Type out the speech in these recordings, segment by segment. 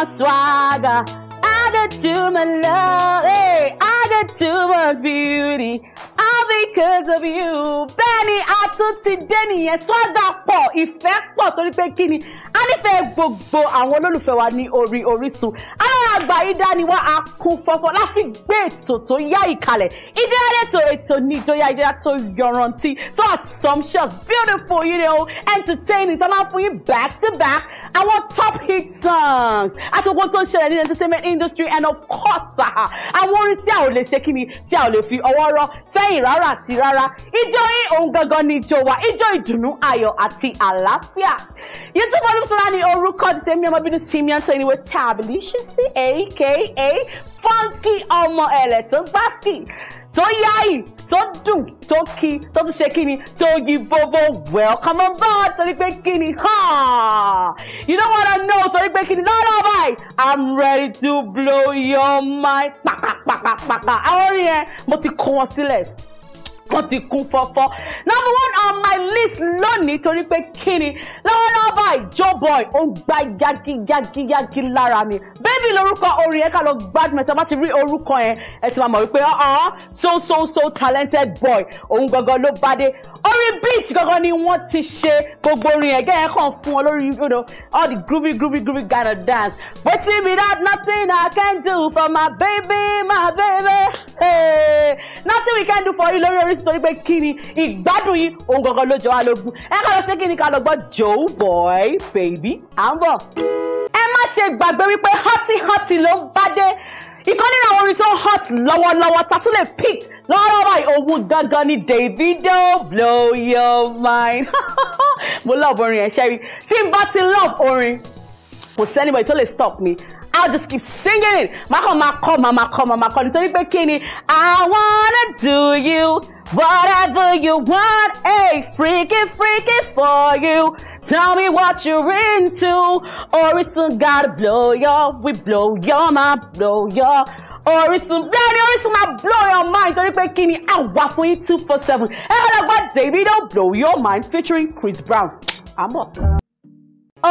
My swagger. I got too much love. Hey, I got too much beauty. All because of you. Bẹ́ẹ̀ni I tún ti dé nìyẹn. Swagger pọ̀, ìfẹ́ pọ̀ torí pé kí ni? A nífẹ̀ẹ́ gbogbo àwọn olólùfẹ́ wa ní orí Orísun. Alára àgbà yìí dání wá a kún fọ́fọ́ láti gbé ètò tó yá ìkalẹ̀. Ìjọyà ètò ètò ní to ìjọyà tó yọrantí. So it's So, assumptions beautiful you know entertaining tó máa fún yín back to back àwọn top hit songs àti owó tó ń ṣẹlẹ̀ ní entertainment industry and of course àwọn orin tí a ò lè ṣe kí ni tí a ò lè fi ọwọ́ rọ́ sẹ́yìn rárá àti rárá ijó yìí òun gangan ni ijó wa ijó ìdùnnú ayọ̀ àti àlàáfíà Yusuf Olúṣọlá ni orúkọ ti ṣe mí ọmọbìnrin Simeon tó ìníwé tábìlì ṣí sí aka fọ́ńkì ọmọ ẹ̀rẹ̀ tó gbásìkì tó yáyì tó dùn tó kí tó tún ṣe kí ni tó yí bóbó welcome on board torí pé kí ni you don't wanna know torí pé kí ni lọ́dọ̀ báyìí i'm ready to blow your mind pàkàpàkàpàkà àwọn orin yẹn mo ti kó wọn sílẹ̀ wọ́n ti kún fọ́fọ́ number one on my list lónìí torí pé kí ni lọ́wọ́lọ́wọ́. Joe boy, ó ń gbá yágíyágíyágí lára mi baby lórúkọ orin yẹn ká lọ gbádùn ẹ̀tọ́ bá ti rí orúkọ yẹn ẹ ti máa mọ̀ wípé so so so talented boy òun gangan ló bá dé orin beat gangan ni wọ́n ti ṣe gbogbo orin ẹ̀gẹ́ yẹn kàn fún wọn lórí you know all the groovy groovy groovy kind of dance wetin be that nothing i can do for my baby my baby hey. nothing we can do for you lórí Orísun torí pé kí ni ìgbádùn yìí òun gangan ló jọ wá lógún ẹ ká lọ ṣe kí ni ká lọ gbọ́ joe boy baby à ń ṣe gbàgbé wípé hoti hoti ló bá dé ìkan nínú àwọn orin tó hot lọ́wọ́lọ́wọ́ ta tún lè pick lọ́wọ́lọ́wọ́ òun gangan ni Davido blow your mind mo love orin ẹ̀ ṣẹ́rí tí n bá ti love orin kò sí anybody tó lè stop me? I'll just keep singing it máa kọ́ máa kọ́ máa máa kọ́ máa máa kọ́ nítorí pé kí ni I wanna do you whatever you want a hey, freaky freaky for you Tell me what you're into. Orísun gotta blow your, we blow your mind, blow your. Orísun lẹ́ni Orísun máa blow your mind torí pé kí ni a wà fún yín two four seven. Ẹ kọ́dọ̀ gba Davido blow your mind featuring Chris Brown. Àmọ́.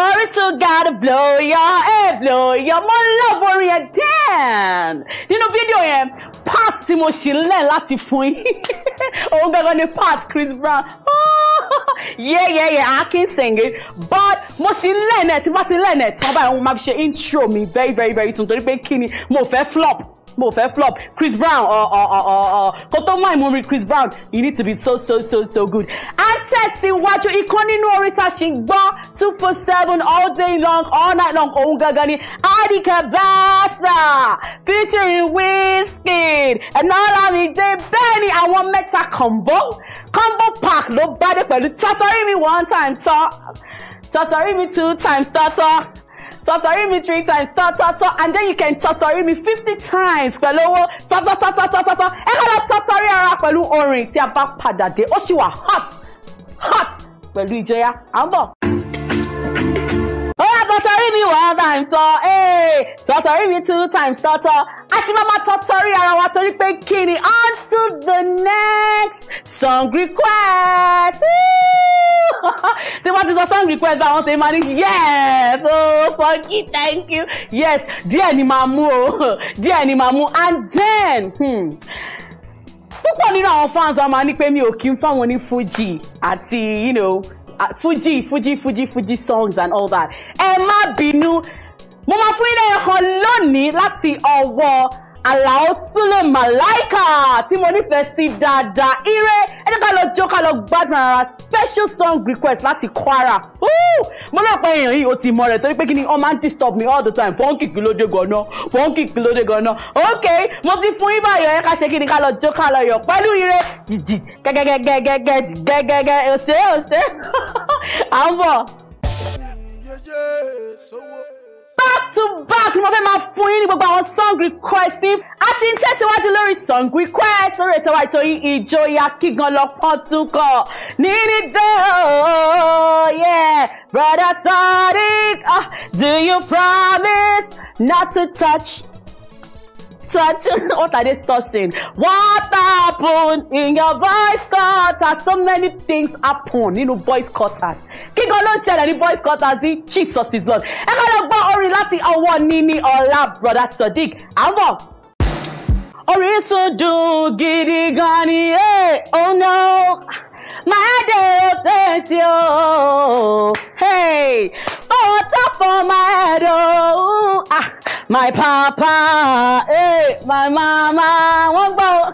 Orísun gotta blow your ẹ blow your mo love orin ẹ̀ dẹ́n. Nínú fídíò yẹn, part tí mo ṣì ń lẹ̀ láti fún yín. Òun gangan ni part Chris Brown. Oh! yeah yeah yeah I can sing it but mo sì ń lẹ́nẹ̀ẹ́ tí bá ti lẹ́nẹ̀ẹ́ tí wọ́n báyìí wọ́n máa fi ṣe intro mi very very very soon torí pé kí ni mo fẹ́ flop mo fẹ́ flop Chris Brown uh, uh, uh, kó tó wá ìmúrin Chris Brown you need to be so so so so good. a tẹ̀síwájú ikán nínú orin tá a ṣì ń gbọ́ two four seven all day long all night long òun gangan ni Adika Basa featuring Wizkid ẹ̀nà Ọlámídé bẹ́ẹ̀ ni àwọn mẹ́ta combo combo pack ló bá dé pẹ̀lú tọ́tọ́rí mi one time tọ́ tọ́tọ́rí mi two times tọ́tọ́ tọ̀tọ̀rí mi three times tọ̀tọ̀tọ̀ and then you can tọ̀tọ̀rí mi fifty times pẹ̀lú owó tọ̀tọ̀tọ̀tọ̀tọ̀tọ̀ ẹ kọ́ lọ tọ̀tọ̀rí ara pẹ̀lú orin tí a bá padà dé ó sì wà hot hot pẹ̀lú ìjọyà à ń bọ̀ tọ́tọ́rí mi one eh, time tọ́ tọ́tọ́rí mi two times tọ́tọ́ a ṣì máa ma tọ́tọ́rí ara wa torí pé kí ni on to the next song request tí wọ́n ti sọ song request báwọn tèmi máa ní yes oh funky thank you yes díẹ̀ ni màá mú o díẹ̀ ni màá mú and then. Hmm, púpọ̀ nínú àwọn fans wa máa ní pé mi ò kí ń fáwọn ní Fuji àti you know Ah, fuji fuji fuji fuji songs and all that ẹ má bínú mo máa fún yín lẹ́yìn kan lónìí láti ọwọ́ Àlàó Súlè Màláìkà tí mo nífẹ̀ẹ́ sí dáadáa ire ẹni ká lọ jó ká lọ gbádùn ara special song request láti Kwara mo náà pé èèyàn yìí ó ti mọ rẹ̀ torí pé kí ni wọ́n máa ń disturb me all the time fọ́nkì kí ló dé gan-an fọ́nkì kí ló dé gan-an ok mo ti fún yín báyọ̀ ẹ ká ṣe kí ni ká lọ jó ká lọ yọ̀ pẹ̀lú ire dìdì gẹ́gẹ́gẹ́gẹ́gẹ́ gẹ́gẹ́gẹ́ òṣè òṣè à ń bọ̀ to back ni mo fẹ́ máa fún yín ní gbogbo àwọn song request yín a sì ń tẹ̀síwájú lórí song request lórí ètò ìtòyí ìjòyà kígan lọ pọ́n tún kọ̀ níní dé yeah brother Sodiq oh, ah, do you promise not to touch touch what are they tossing? what happened in your voice cutter? so many things happen nínú boys quarters kíkan ló ń share ní boys quarters yìí Jesus is Lord ẹ ká lọ jáde láti ọwọ́ Níní Ọlá broda Sodiq àbọ̀ Orísun dùn gidi gan ni ẹ eh, oh no máa dé òtẹ́tì o hey oh top for my head oh. ah, my papa hey eh, my mama wọ́n gbọ́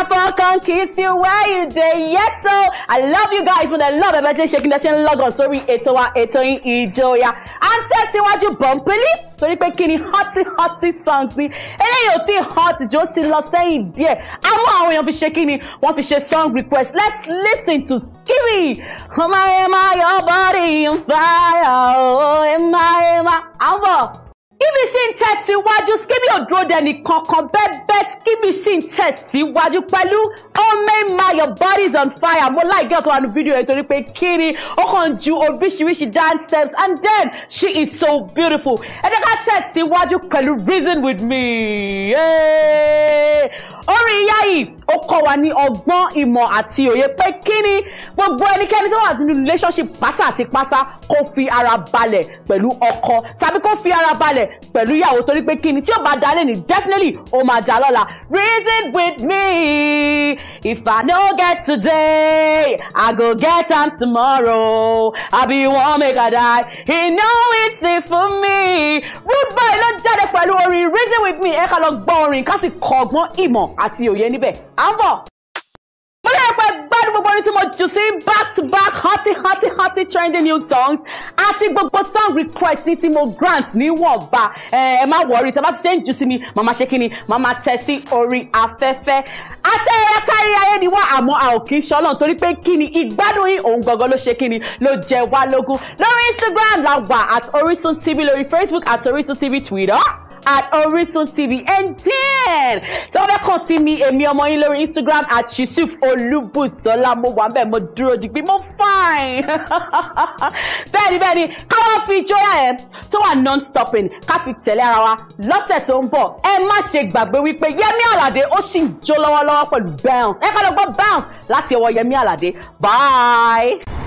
I for can kiss you where you dey. Yes, so I love you guys with a love ẹ bẹ́ẹ̀ tí ń ṣe kí n ṣe ń log on sórí ètò wa ètò yín ìjọya. À ń tẹ̀síwájú bọ̀m̀pẹ́lì torí pé kí ni hoti hoti songs ni. Eléyìí ò tí hot jó sí lọ sẹ́yìn díẹ̀. I'm àwọn èèyàn fi ṣe kí ni wọ́n fi ṣe song request. Let's listen to Skibidi. Am I, am I your body on fire? Oh, am I, am I? I'm bọ̀ skimmy ṣì ń tẹ̀síwájú skimmy ò dúró dẹni kankan bẹ́ẹ̀ skimmy ṣì ń tẹ̀síwájú pẹ̀lú omema your body is on fire mo láì gẹ́ ọ̀tọ̀ wà ní fídíò yẹn torí pé kiri ó kàn ju oríṣiríṣi dance steps and then she is so beautiful ẹ jẹ́ ká tẹ̀síwájú pẹ̀lú reason with me. Yeah orin ìyá yìí ó kọ́ wa ní ọgbọ́n ìmọ̀ àti òye pé kí ni gbogbo ẹnikẹ́ni tó wà nínú relationship pátá àti pátá kó fi ara balẹ̀ pẹ̀lú ọkọ tàbí kó fi ara balẹ̀ pẹ̀lú ìyàwó torí pé kí ni tí ó bá dalẹ̀ ní definitely ó máa dà lọ́la reason with me. If I no get today, I go get am tomorrow. I be one make I die. He know it's it for me. Rude boy ló jáde pẹ̀lú orin Reason with me ẹ̀ka lọ gbọ́ orin ká sì kọ́ ọgbọ́n ìmọ̀ àti òye níbẹ̀. À ń bọ̀ orin tí mo jù sí back to back hotty hotty hotty trending new songs àti gbogbo song request tí mo grant níwọ̀nba ẹ má wọrí tẹ bá ti ṣe ń jù sí mi màmá ṣe kíni màmá tẹ sí orí afẹ́fẹ́ àtẹ̀yẹ kárí ayé ni wá àmọ́ a ò kì í ṣọlọ́n torí pé kíni ìgbádùn yìí òun gangan ló ṣe kíni ló jẹ wá lógún lórí Instagram la wà at Orisun TV lórí Facebook at Orisun TV Twitter at Orisun TV and then tí wọ́n fẹ́ kàn sí mi èmi ọmọ yín lórí Instagram at Yusuf Olúbùsọ́lá mo wà bẹ́ẹ̀ mo dúró digbí mo fine bẹ́ẹ̀ni bẹ́ẹ̀ni káwá fi ìjọra ẹ̀ tó wà non-stopping ká fi tẹ̀lé ara wa lọ́sẹ̀ tó ń bọ̀ ẹ má ṣe gbàgbé wípé Yẹmí Àlàdé ó sì ń jó lọ́wọ́lọ́wọ́ pẹ̀lú bounce ẹ ká lọ gbọ́ bounce láti ọwọ́ Yẹmí Àlàdé bye.